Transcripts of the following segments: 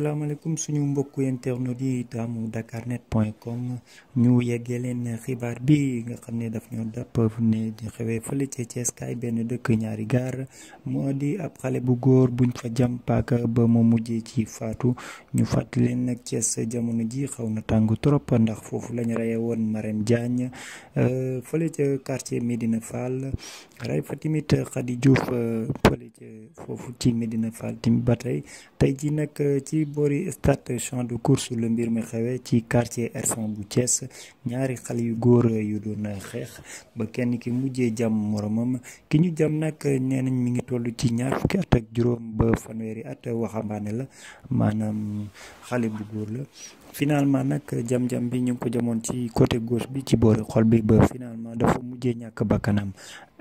asalaamaaleykum suñu mbokku internet yi taamu dakarnet point com ñu yeggee leen xibaar bi nga xam ne daf ñoo dàpp ne di xewee fële ca Thiès benn dëkk ñaari gaar moo di ab xale bu góor buñ fa jam paaka ba mu mujjee ci faatu ñu fàttali leen nag Thiès jamono ji xaw na tàngu trop ndax foofu lañu reye woon Marème Diagne euh, fële ca quartier Médina Fall rey fa tamit Khady Diouf euh, fële ca foofu ci Médina Fall tamit ba tey tey ji nag euh, ci boori stade champ de course la mbir mi xewee ci quartier Hersent bu Thiès ñaari xale yu góor yu doon xeex ba kenn ki mujjee jàmm moromam ki ñu jàmm nag nee nañ mi ngi toll ci ñaar fukki at ak juróom ba fanweeri at waxambaane la maanaam xale bu góor la finalement nag jam-jam bi ñu ngi ko jamoon ci côté gauche bi ci boori xol bi ba finalement dafa mujjee ñàkk bakkanam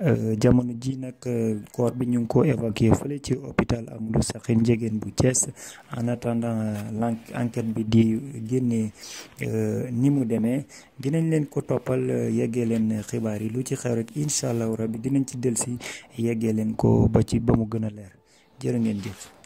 Euh, jamono ji nag euh, corps bi ñu ko évacué fële ci hôpital Amadou Sakhir Ndiéguène bu Thiès en lank euh, l'enquête bi di génnee ni mu demee dinañ leen ko toppal yeggee leen xibaar yi lu ci xew rek incha allahu rabbi dinañ ci delsi yeggee leen ko ba ci ba mu gën a leer jërë ngeen jëf